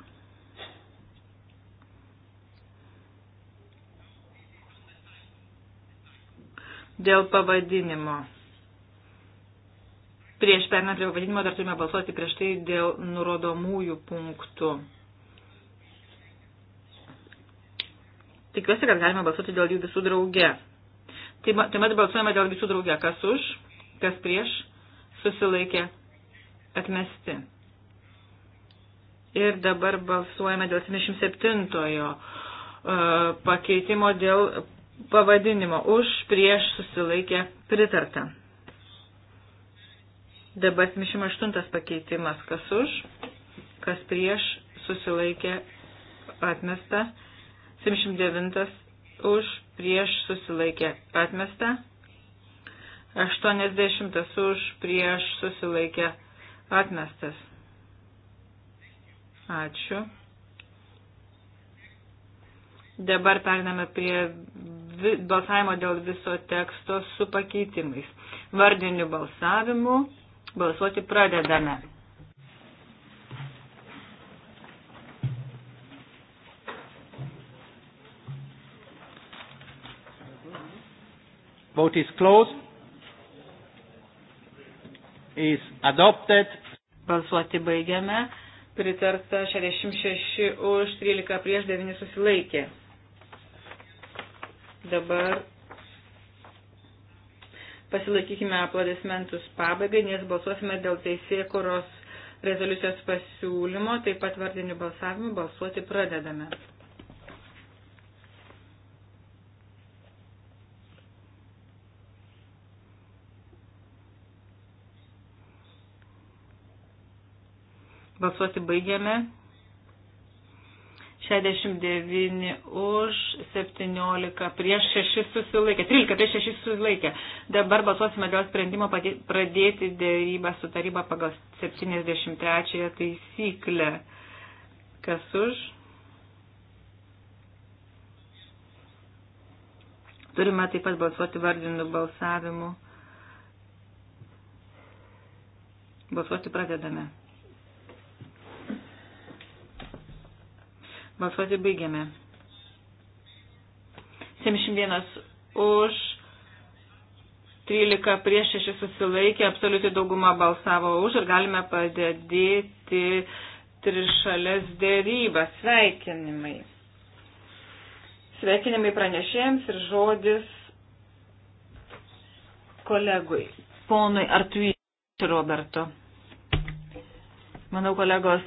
Dėl pavadinimo. Prieš pernant prie pavadinimo dar turime balsuoti prieš tai dėl nurodomųjų punktų. Tikiuosi, kad galime balsuoti dėl jų visų drauge. Tuomet balsuojame dėl visų draugė, kas už, kas prieš, susilaikė, atmesti. Ir dabar balsuojame dėl 77 e, pakeitimo dėl pavadinimo. Už, prieš, susilaikė, pritarta. Dabar 78 pakeitimas, kas už, kas prieš, susilaikė, atmesta. 79 už prieš susilaikė atmesta, 80 už prieš susilaikė atmestas. Ačiū. Dabar pername prie balsavimo dėl viso teksto su pakeitimais. Vardiniu balsavimu balsuoti pradedame. Vote is closed. Is adopted. Balsuoti baigiame. Pritarta 66 už 13 prieš 9 susilaikė. Dabar pasilaikykime aplodismentus pabaigai, nes balsuosime dėl teisėkuros rezoliucijos pasiūlymo, taip pat vardinių balsavimų balsuoti pradedame. Balsuoti baigiame. 69 už, 17 prieš 6 susilaikė, 13 prieš 6 susilaikė. Dabar balsuosime dėl sprendimo pradėti dėrybą su taryba pagal 73 taisyklę. Kas už? Turime taip pat balsuoti vardiniu balsavimu. Balsuoti pradedame. Balsuoti baigiame. 71 už, 13 prieš 6 susilaikė, absoliuti dauguma balsavo už ir galime padėti trišalės dėrybą. Sveikinimai. Sveikinimai pranešėjams ir žodis kolegui. Ponui Artui Roberto. Manau, kolegos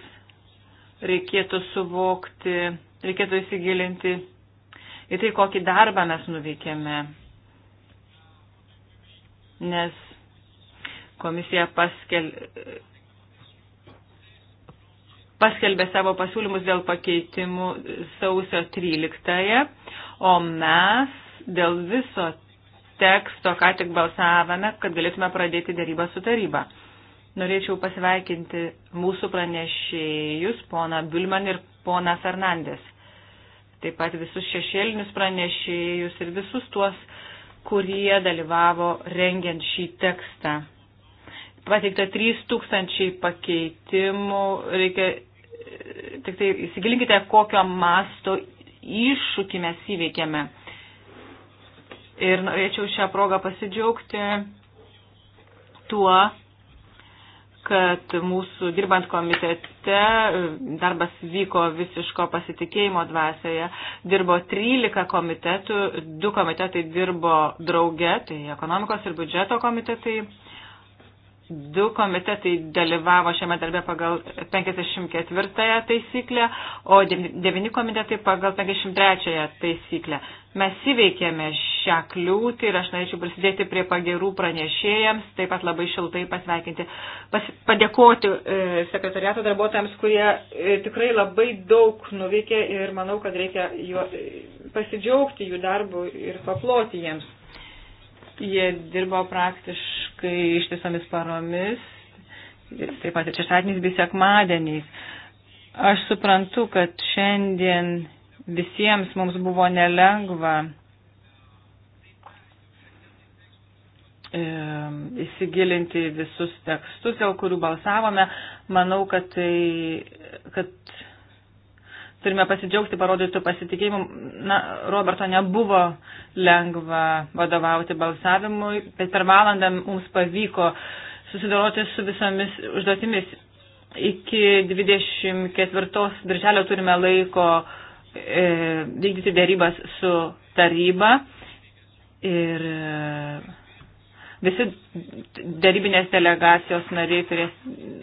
reikėtų suvokti, reikėtų įsigilinti į tai, kokį darbą mes nuveikėme. Nes komisija paskel... paskelbė savo pasiūlymus dėl pakeitimų sausio 13, o mes dėl viso teksto, ką tik balsavome, kad galėtume pradėti dėrybą su taryba. Norėčiau pasveikinti mūsų pranešėjus, poną Bilman ir poną Fernandės. Taip pat visus šešėlinius pranešėjus ir visus tuos, kurie dalyvavo rengiant šį tekstą. Pateikta 3000 pakeitimų, reikia tik tai įsigilinkite, kokio masto iššūkį mes įveikėme. Ir norėčiau šią progą pasidžiaugti tuo, kad mūsų dirbant komitete e, darbas vyko visiško pasitikėjimo dvasioje. Dirbo 13 komitetų, du komitetai dirbo drauge, tai ekonomikos ir biudžeto komitetai Du komitetai dalyvavo šiame darbe pagal 54 taisyklę, o devini komitetai pagal 53 taisyklę. Mes įveikėme šią kliūtį ir aš norėčiau prisidėti prie pagirų pranešėjams, taip pat labai šiltai pasveikinti, pas, padėkoti e, sekretariato darbuotojams, kurie e, tikrai labai daug nuveikė ir manau, kad reikia juo, e, pasidžiaugti jų darbu ir paploti jiems. Jie dirbo praktiškai ištisomis paromis, taip pat ir šeštadieniais bei sekmadieniais. Aš suprantu, kad šiandien visiems mums buvo nelengva įsigilinti visus tekstus, dėl kurių balsavome. Manau, kad tai, kad turime pasidžiaugti parodytų pasitikėjimų. Na, Roberto nebuvo lengva vadovauti balsavimui, bet per valandą mums pavyko susidoroti su visomis užduotimis. Iki 24 birželio turime laiko e, vykdyti dėrybas su taryba ir e, visi darybinės delegacijos nariai turės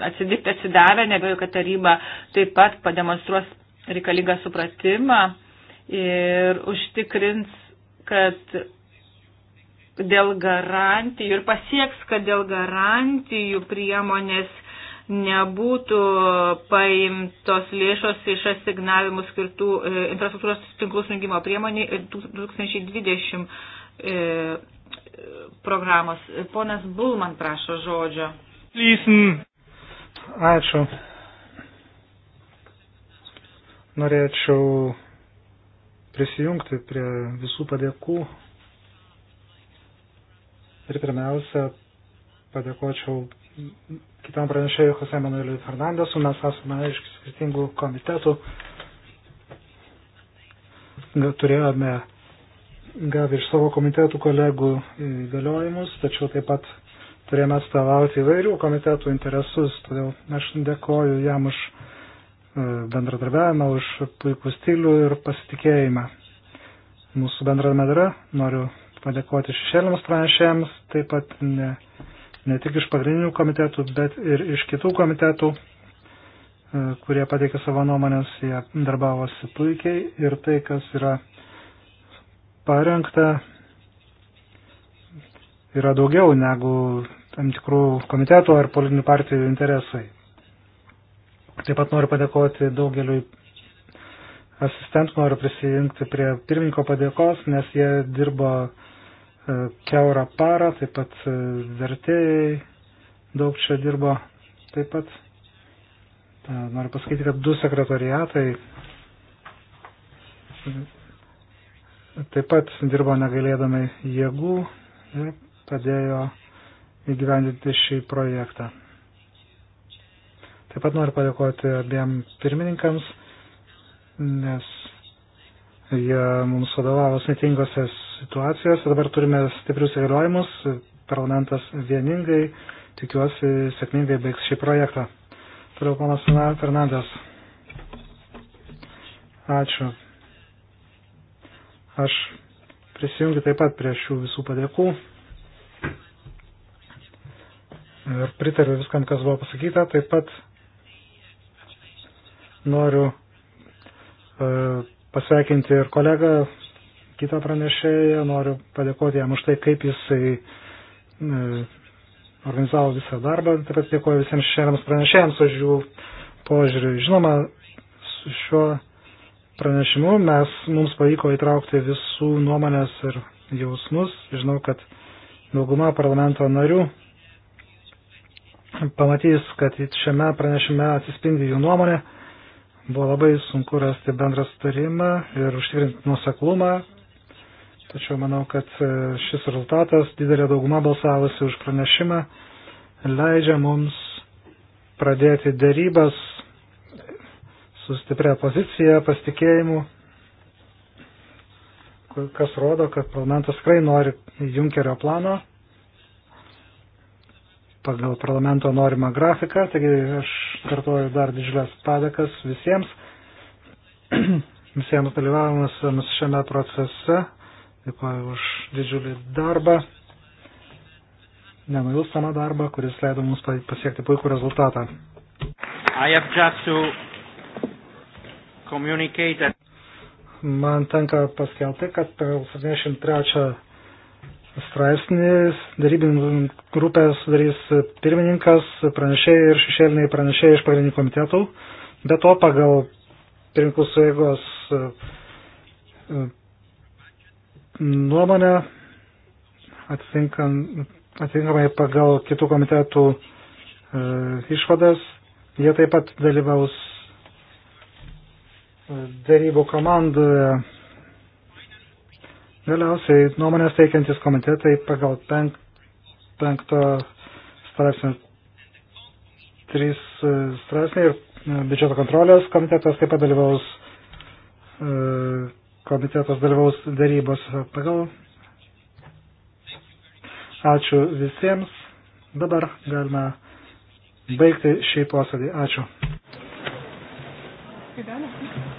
atsidikti atsidavę, nebejoju, kad taryba taip pat pademonstruos reikalingą supratimą ir užtikrins, kad dėl garantijų ir pasieks, kad dėl garantijų priemonės nebūtų paimtos lėšos iš asignavimų skirtų e, infrastruktūros tinklų sujungimo priemoniai 2020 e, programos. Ponas Bulman prašo žodžio. Lysim. Ačiū. Norėčiau prisijungti prie visų padėkų ir pirmiausia padėkočiau kitam pranešėjui Jose Manueliui Fernandesu, mes esame iš skirtingų komitetų, turėjome gavę iš savo komitetų kolegų įgaliojimus, tačiau taip pat turėjome atstovauti įvairių komitetų interesus, todėl aš dėkoju jam už E, bendradarbiavimą, už puikų stilių ir pasitikėjimą. Mūsų bendradarbiavimą darbą. noriu padėkoti šešėliams pranešėjams, taip pat ne, ne tik iš pagrindinių komitetų, bet ir iš kitų komitetų, e, kurie pateikė savo nuomonės, jie darbavosi puikiai ir tai, kas yra parengta, yra daugiau negu tam tikrų komitetų ar politinių partijų interesai. Taip pat noriu padėkoti daugeliui asistentų, noriu prisijungti prie pirmininko padėkos, nes jie dirbo e, keurą parą, taip pat e, vertėjai daug čia dirbo taip pat. Noriu pasakyti, kad du sekretariatai e, taip pat dirbo negalėdami jėgų ir padėjo įgyvendinti šį projektą. Taip pat noriu padėkoti abiem pirmininkams, nes jie mums vadovavo smitingose situacijose. Dabar turime stiprius įrojimus, parlamentas vieningai, tikiuosi, sėkmingai baigs šį projektą. Toliau panas Fernandas. Ačiū. Aš prisijungiu taip pat prie šių visų padėkų. Ir pritariu viskam, kas buvo pasakyta. Taip pat Noriu e, pasveikinti ir kolegą, kitą pranešėją, noriu padėkoti jam už tai, kaip jisai e, organizavo visą darbą, taip pat dėkoju visiems šiems pranešėjams už jų požiūrį. Žinoma, su šiuo pranešimu mes, mums pavyko įtraukti visų nuomonės ir jausmus. Žinau, kad dauguma parlamento narių pamatys, kad šiame pranešime atsispindi jų nuomonė. Buvo labai sunku rasti bendrą sutarimą ir užtikrinti nuseklumą, tačiau manau, kad e, šis rezultatas, didelė dauguma balsavusi už pranešimą, leidžia mums pradėti dėrybas su stipria pozicija, pasitikėjimu, kas rodo, kad parlamentas tikrai nori Junkerio plano pagal parlamento norimą grafiką, taigi aš kartuoju dar didžiulės padėkas visiems, [clears throat] visiems dalyvavimus šiame procese, dėkoju už didžiulį darbą, nenuilstamą darbą, kuris leido mums pasiekti puikų rezultatą. Man tenka paskelbti, kad per 73 straipsnį. Darybinį grupę sudarys pirmininkas, pranešėjai ir šešėliniai pranešėjai iš pagrindinių komitetų. Be to, pagal pirmininkų suėgos e, nuomonę, atitinkamai pagal kitų komitetų e, išvadas, jie taip pat dalyvaus e, darybų komandoje Galiausiai nuomonės teikiantis komitetai pagal penk, penkto straipsnio trys e, straipsniai ir e, biudžeto kontrolės komitetas taip pat dalyvaus, e, komitetas dalyvaus darybos pagal. Ačiū visiems. Dabar galime baigti šį posėdį. Ačiū. Įdomu.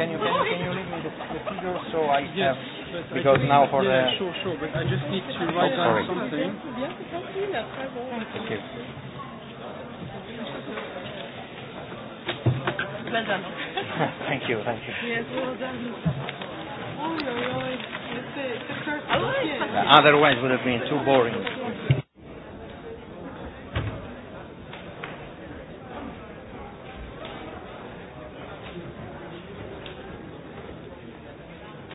can you can you can you read me the, the figure so I yes, have because now for yeah, the sure sure but I just need to write oh, down sorry. something. Thank you. Well done. thank you, thank you. Yes, well done. Oh, you're right. Otherwise, would have been too boring.